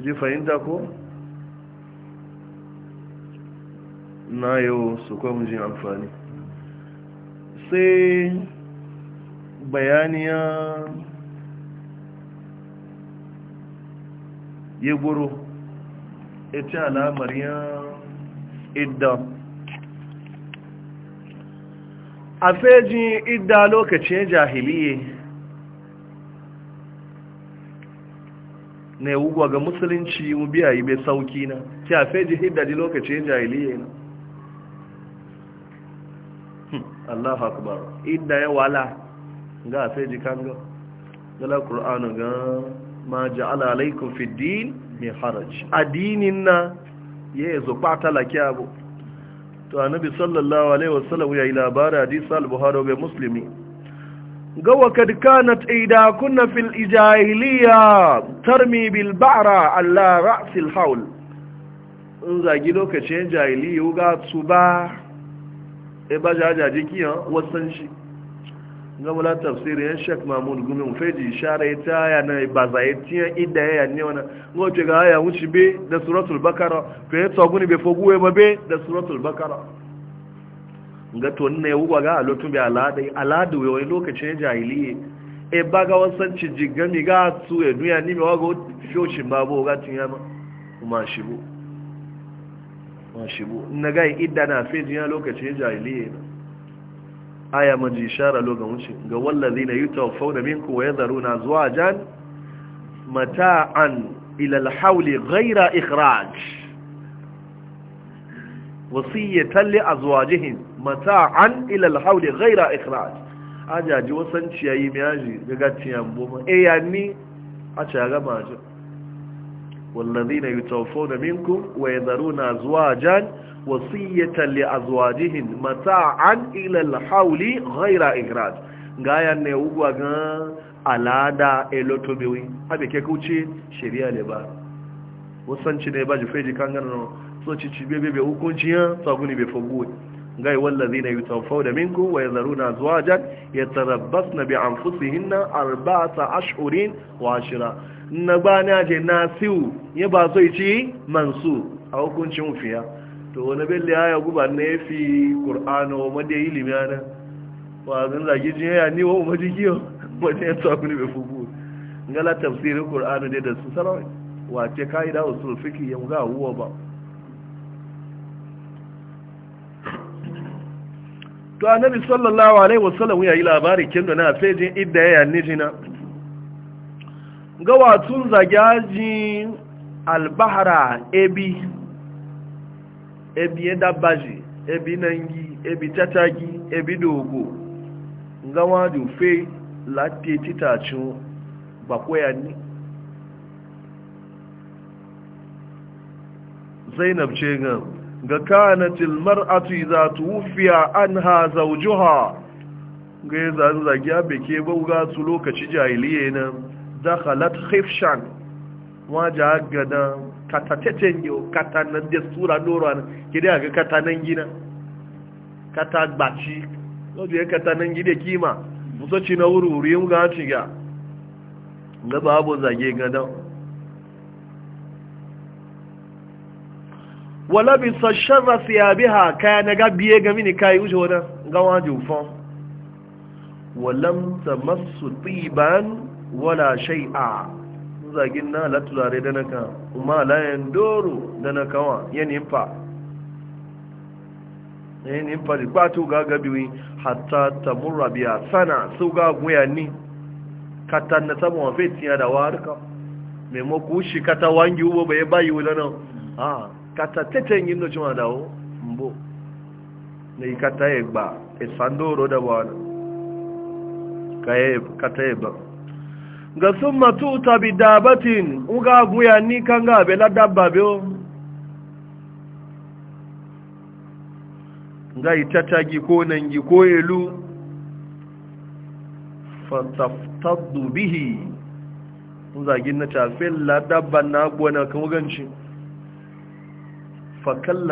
ji fahimta ko na yau su kwa ji amfani sai bayaniya ya goro ita e alamar yan idda a fejin idda lokacin jahiliye na yawugwa ga musulunci mu biya yibe sauki na ki a fejin idda di lokacin jahiliye na hmm, Allah akbar idda ya wala ga feji kanga dala ƙur'anu ga ma ja'ala alaikum fi din mai haraj adinin na ya yi zo ɓata lakiya abu? to annabi sallallahu alaihi wasallam ya yi labari hadisi al-buhari bai musulmi. ga wakad kanat ida kunna fil ijahiliya tarmi bil ba'ra Allah ra'sil haul in zagi lokacin jahiliya ga tsuba ba e ba jajaji kiyan wasan shi gamula tafsirin yan shek mahmud gumin feji share ta ya na bazaye tiyan inda ya yanne wani ngoce ga ya wuce be da suratul bakara ko ya tsaguni be foguwe ba be da suratul bakara ga to ne wuwa ga alotun bi alada alada we wani lokacin jahiliye e baga wasan ci jigami ga su e duniya ni me wago shoshin babo ga tinya ma ma shibu ma shibu na ga idda na feji ya lokacin jahiliye na aya maji ishara lo ga wuce ga wallazi na da minku wa yadharuna zuwajan mata'an ila al-hawli ghayra ikhraj wasiyatan li azwajihim mata'an ila al-hawli ghayra ikhraj ajaji wasan ciyayi miyaji daga ciyan boma e eh, ya ni a ci ga maji wallazina da minku wa yadharuna zuwajan wasiyatan li azwajihin mata'an ila al-hawli ghayra ihraj ngaya ne ugwa ga alada eloto biwi abi ke kuce shari'a ne ba wasanci ne ba ji feji kan ganin so ci ci bebe be hukunci ya tsaguni be fagu ngai wallazina yutawfawna minkum wa yadharuna azwajan yatarabbasna bi anfusihinna arba'ata ashhurin wa ashra na bana je nasiu ya ba so ci mansu a hukuncin fiya to wani belle ya guba na ya fi ƙur'ano wa mada yi limana wa zan zagi jin yaya ni wa maji kiyo wani ya tsawo ne bai fubu ngala tafsirin ƙur'ano ne da su sarawai wace ka'ida wasu fiki yan ga huwa ba to annabi sallallahu alaihi wasallam ya yi labarin kin da na fejin idda ya yanni jina ga watun zagajin albahara ebi ebi dabaji ebi nangi ebi tatagi ebi dogo nga wadu fe latte titacin bakwaya ni zainab ce ga kanatil mar'atu idza tuwfiya anha zawjuha ga zan zagiya beke bauga su lokaci jahiliye nan dakhalat khifshan waja gada kata cecen o kata na de tsura doro nan ki dai ga kata nan gina kata gbaci so je kata nan gide kima muso ci na wuri mu ga ci ga ga babu zage ga dan wala bi sasharra kaya na ga biye ga mini kai uje wona ga waju fon walam tamassu tiban wala shay'a zagin na latulare da na kan kuma layan doro da na kawa ya nimfa ya nimfa da kwato ga gabiwi hatta ta murabiya sana su ga guya ni katan na saman wafe tiya da warka maimako shi kata wangi ubo bai bayi wula nan a kata teten yin nocin dawo, mbo na yi kata ya gba esandoro da wani e, kata ya gba ga sun matuta bi dabatin uga guya ni kan ga bela dabba biyo ga gi ko nan gi ko elu fataftaddu bihi zagin na tafin la dabba na gona kan wuganci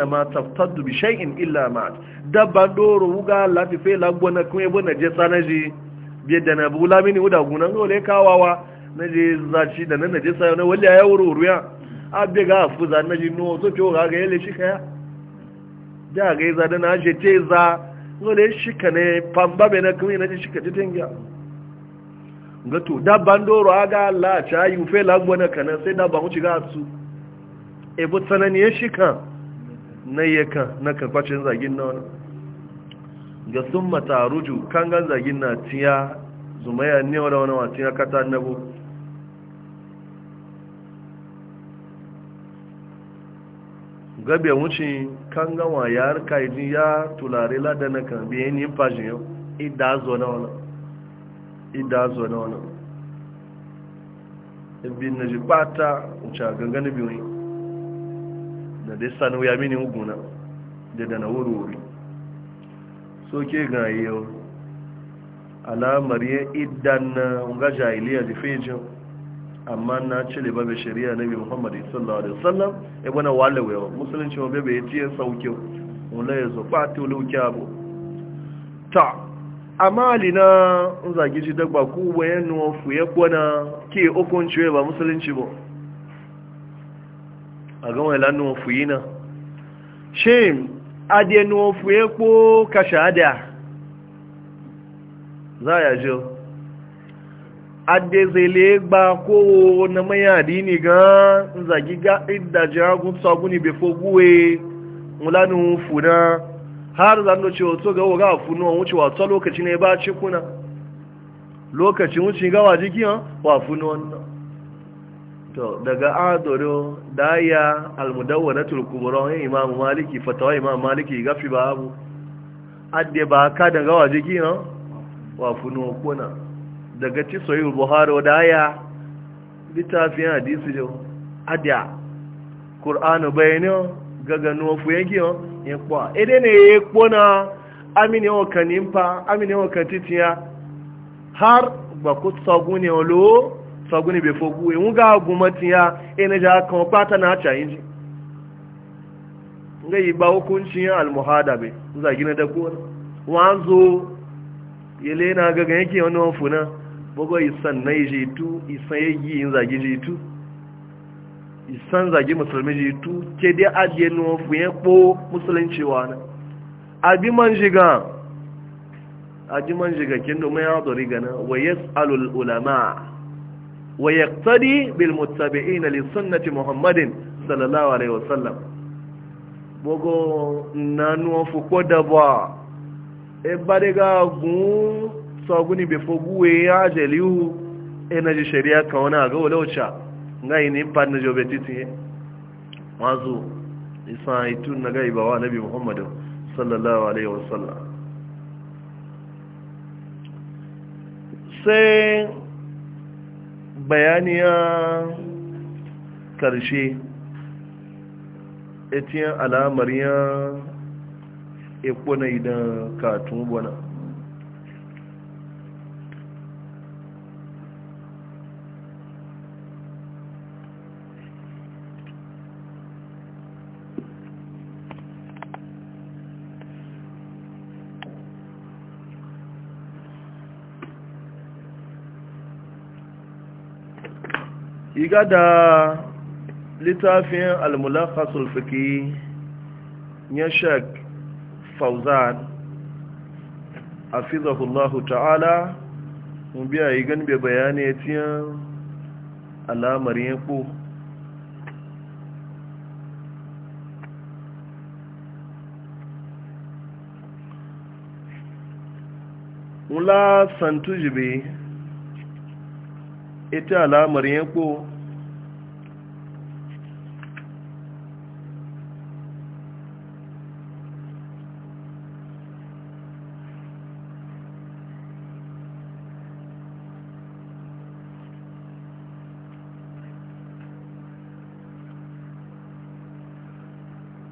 ma taftaddu bi shay'in illa ma dabba doro wuga la fi fe la gona kan ebo na je sanaji biyadda na bula mini wuda gunan gole kawawa na je zaci da nan na je sayo na wali ya wuro a bai ga za na ji nuwa so to ga ga yele shi kaya da ga za da na je te za gole shi ka ne famba be na kuma na je shi ka tengiya tenga ngato da bandoro aga a yi yu fe lagbo na kanan sai da ban wuci ga su e tsananiyar tsanani shi kan na kan na karfacin zagin na wani ga sun mata ruju kan gan zagin na tiya zumaya ne wa wani watin ya kata nabo gabe wuce kan gawa ya harka yi ya tulare ladana kan biyan yin fashin yau idda zo na wani ibi na ji bata wuce a ganganin biyu da dai sanu ya mini huguna da da dana wuri wuri soke gaye yau alamar yin idan na ga jahiliya da fejin amma na cile babu shari'a nabi muhammad sallallahu alaihi wasallam ya e bana walewa yau musulunci wabe bai tiye sauke wula ya zo ba ta wuluki abu ta amma alina in zagi ji dagba ku bayan nufu ya kwana ke ukun ciwe ba musulunci ba a gama ilan nufu yi na shame adịe n'ofu ekpo kacha adị a za ya jo adezele gba kowo na maya adini gan nzagiga idaji agun saguni befo guwe mulanu funa har zan ce wato ga waga funu wa wuce wato lokaci ne ba ci kuna lokacin wuce gawa jiki wa funu wannan to daga adoro daya almudawwanatul kubra ya imam maliki fatawa imam maliki gafi babu adde ba ka daga waje kino wa funo kuna daga ci sahih buhari daya litafin hadisi jo adya qur'anu bayno gaga no fu yake yo ya kwa ede ne ya kona amini o kanimpa amini o katitiya har ba ku tsagune olo saguni bai fogu e wuga gumati ya ene ja kan pata na acha inji nga yi ba hukuncin ya almuhada be za gina da ko wanzo yele na ga ga yake wani funa bogo isan na yi tu isan yi in zagi ji isan zagi musulmi ji tu ke dai adiye no fuye po musulunci wa na abi man jiga aji man jiga kin do mai hadari gana wa yasalul ulama wa yaqtadi bil muttabi'ina li sunnati muhammadin sallallahu alaihi wasallam bogo nanu fu kodabwa e barega gun soguni be foguwe ya E na ji sharia kauna ga walocha ngai ni panna jobe titi wazu isa itun naga ibawa nabi muhammadu sallallahu alaihi wasallam sai bayaniya karshe etiyan alamariya ikunai da katun gwana iga da littafin almulakasul fiki ya shek fauzan a fizahullahu ta'ala mun biya yi ganbe bayani ya tiyan alamar yanku mula santu jibi ita alamar yanko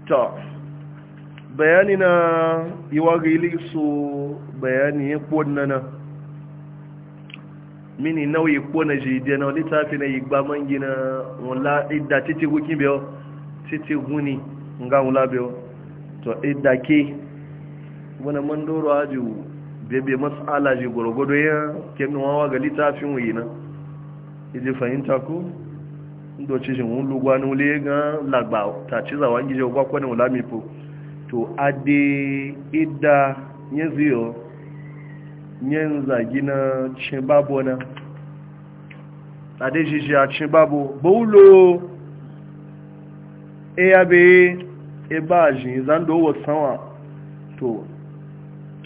ta bayani na iwa su bayani ya nana mini nauyi ko na jide na littafi na igba mangi na wula idda titi guki biyo titi guni nga wula biyo to idda ke wani mandoro aji bebe matsala ji gwargwado ya kemgbe wawa ga littafin wuyi na iji fahimta ko ndoci shi wun lugwa ni wule ga lagba ta ci zawon gije gwakwa ni wula mipo to ade idda yanzu yin zagi na cin babu na adejiji a cin babu baulo eya be eba ji zando wa sanwa to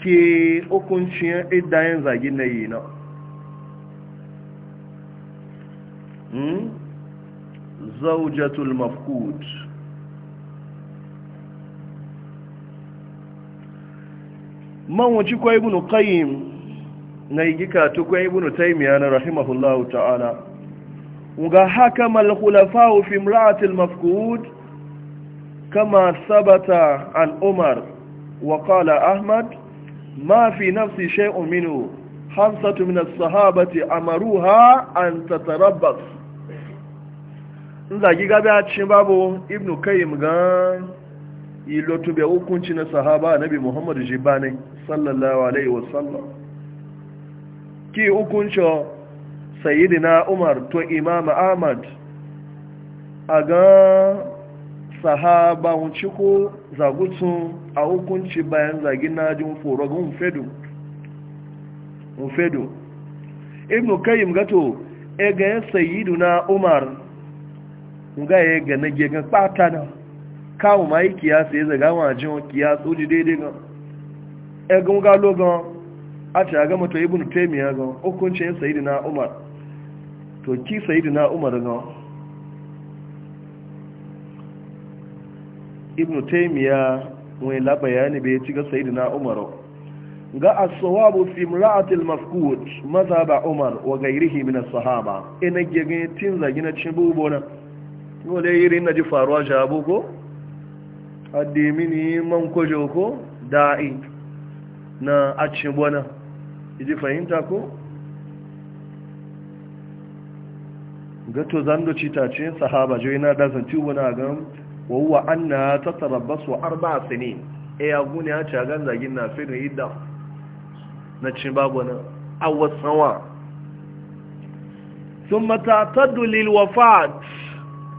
ke hukuncin idayen e zagi na yi na hmm? zaujatul mafkud man wuci kwa ibn qayyim na igika tukwe ibn taymiya na rahimahullahu ta'ala nga hakama al-khulafa fi imra'ati al kama sabata an umar wa qala ahmad ma fi nafsi shay'un minhu hamsatu min as-sahabati amaruha an tatarabbas nzagi gabe a cikin babu ibn kayyim ga ilo hukunci na sahaba nabi muhammad jibani sallallahu alaihi wasallam ki hukuncin sayidina umar to imam ahmad a ga sahaba wunci ko zagutun a hukunci bayan zagin najin forogun fedo ibn kayyim gato e ga yin sayidina umar ga ya ga na gegan kpata na kawo ma yi kiyasa ya zaga wajen kiyasa oji daidai ga egun gan a ce a gama to ibn ya ga hukuncin na umar to ki na umar ga ibn taimiyya wani labayani bai ci ga sayidina umar ga asawabu fi imra'atil mafqud mazhaba umar wa ghayrihi min as-sahaba ina gege tin zagina cibubona gole yiri na ji faruwa jabu ko addimini man kojo ko da'i na a cin acibona iji fahimta ko gato zando cita ce sahaba jai na dazan tubu na gan wawwa an na tattarabbasu arba sini, e ya gune ya ce a gan zagin na firin idda na cin babu na awasawa. sun dulil lilwafat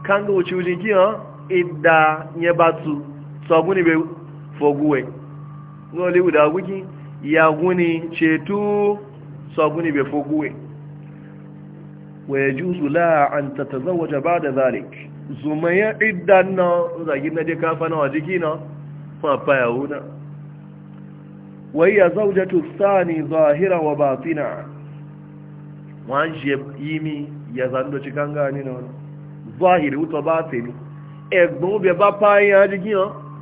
kan ga wuce wujin kiyan idda ya batu sabu ne bai foguwe ngoli guda gukin ya guni ceto sa guni bai wa ya la an ta tazawaja dhalik da zalik zumayen idan na zagin na je kafa na wajiki na fafa ya wuna wa hiya zawjatu thani zahira wa batina wọn yimi ya zando chikanga gani na zahiri wuta batini ẹgbọn bẹ bá ya ajikin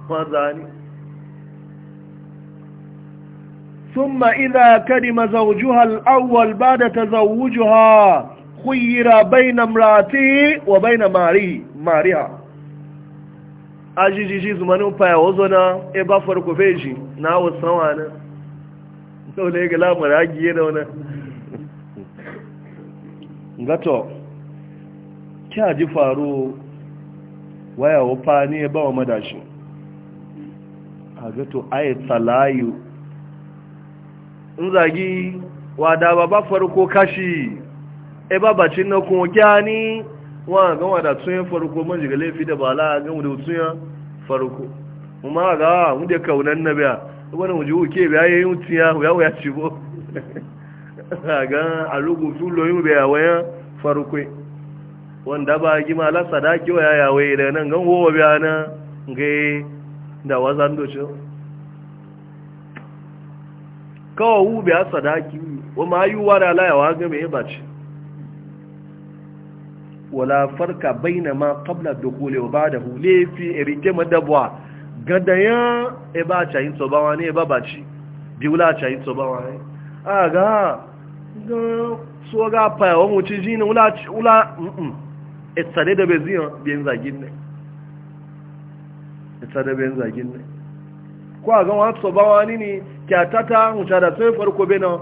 wọn zani ثم إذا كرم زوجها الأول بعد تزوجها خير بين امراته وبين ماري ماريها ajijiji zumanin fayawazo na eba farko feji na wasanwa na saule ga lamar hagiye da wani gato kya ji faru waya wafa ne ba wa madashi a gato salayu in zagi wada ba ba farko kashi e ba bacin na kuma kyani wa ga wada tun farko man jiga laifi da bala ga mu da tun farko kuma ga mu da kaunan na biya wani mu ji uke biya yayin tiya ya ya ci bo ga alugu tulo yin biya wayan farko wanda ba gi mala sadaki wa ya yawe da nan gan wowa biya na ga da wazan docho kawo wu biya sadaki wa ma yi wara layawa game ya bace wala farka bayna ma qabla dukhuli wa ba'dahu fi irike madabwa gadaya e ba cha yin soba wani e ba baci biula cha yin soba wani aga ga so ga pa wa mu ci jini ula ula mm e tsare da bezin bin zagin ne e tsare da bezin zagin ne ko a zama wani soba ni ne kyatata wuce da sai farko bena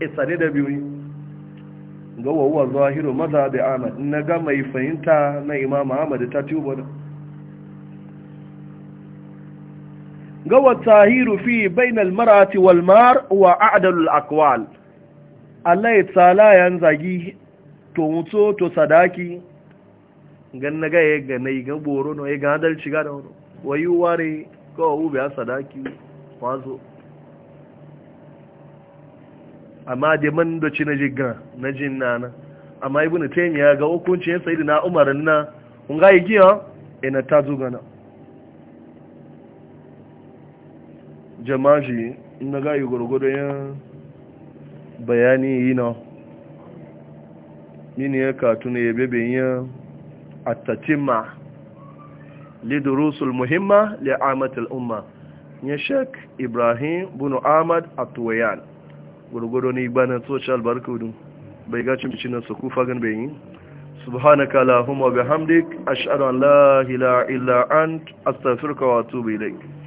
isade da biyu ne ga wawuwa zahiru maza da ahmad na ga mai fahimta na imam ahmad ta tuba da ga wata hiru fi bainal marati wal mar wa a'dalul akwal Allah ya tsala yan zagi to mutu to sadaki gan na ga ya ga na yi ga boro na ya ga adalci ga da wani wayu kawo ube a sadaki kwazo amma da man da ci na jigan na jin nana amma na taimiya ga hukuncin sayyid na umarin na kun yi giya ina eh, ta zo gana ji na ga yi gurgudu ya bayani yi na mini ya katuna ya bebe yin attatima lidurusul muhimma li'amatul umma ya shek ibrahim bin ahmad atwayan gurgudu ni bana social barkudu bai ga cin cin su kufa gan bai yi subhanaka allahumma bihamdik ashhadu an la ilaha illa ant astaghfiruka wa atubu ilaik